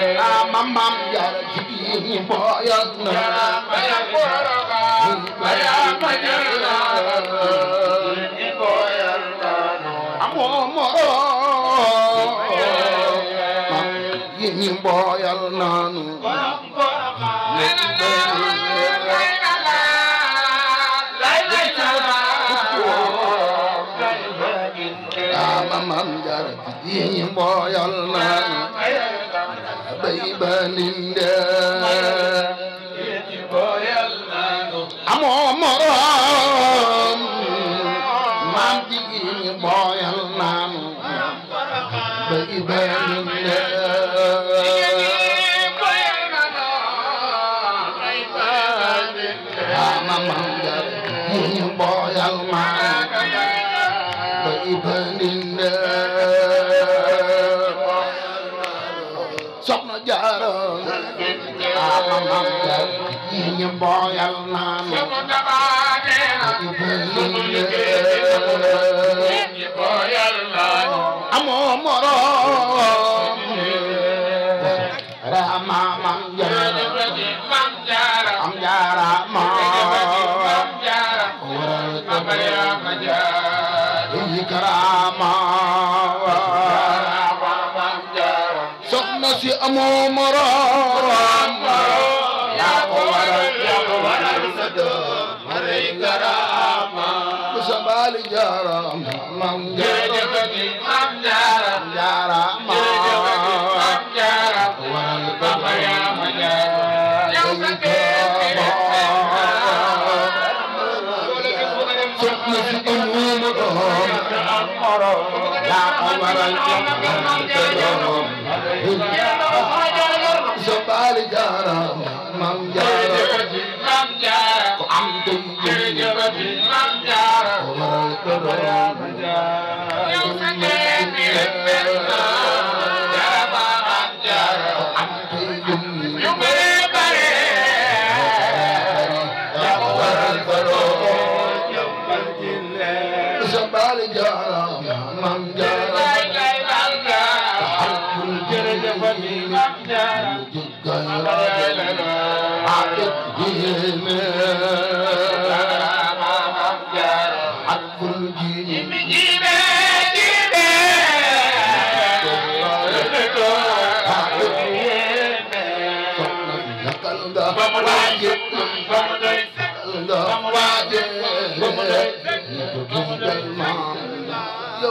Amam mam yar ji boyat na Maya boraga Maya manyana Ji boyat na Amo mo Ji boyat na nu Boraga Maya manyana Amam mam yar ji boyat na Boy, oh my. booyal naa nu sunu dabaane sunu liggéey ñi booyal naa nu amoo moroom rama mam jaara mam jaara am jaara ma mam jaara waral amaya ma jaara yi karama soxna si amoo moroom Faly Diarra maam Diarra maam Diarra Diarra maam Diarra waral Baba yaa ma Diarra yow sa kër soxna si amuñu doom yaa ko waral jox ko doom Amen.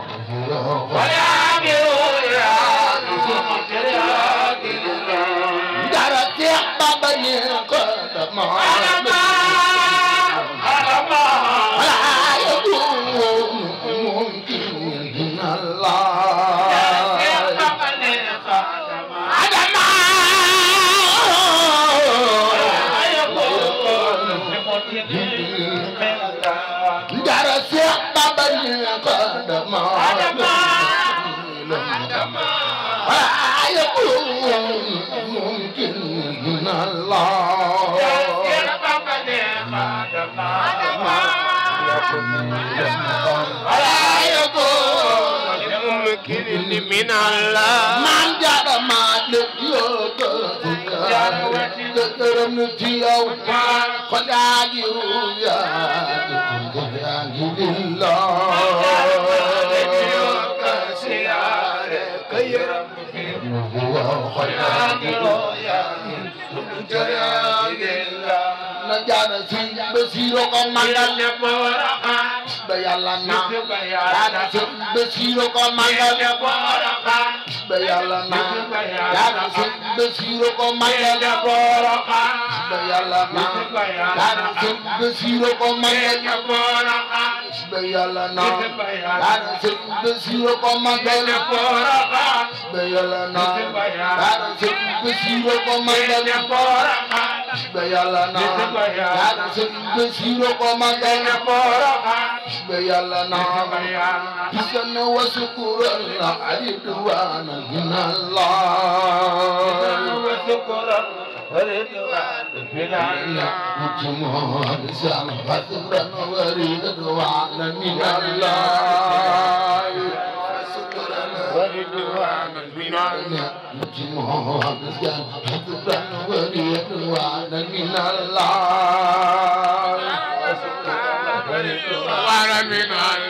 Wow. Mm-hmm. من الله من جاد ما لديوك تكرم نتيو خداجي رويا تكرم نتيو yàlla naa yaana sëñ Basiru ko màggal ba yàlla naa yaana sëñ Basiru ko màggal ba yàlla naa yaana sëñ Basiru ko màggal be yàlla naa daara sëriñ Basiru ko magal be yàlla naa daara sëriñ Basiru ko magal be yàlla naa daara sëriñ Basiru ko magal be yàlla naa bisan wa sukuran na alidu wa na minallah رضوان في الله وجمهور سمحت رن ورضوان من الله شكرا ورضوان من الله وجمهور سمحت رن ورضوان من الله شكرا ورضوان من الله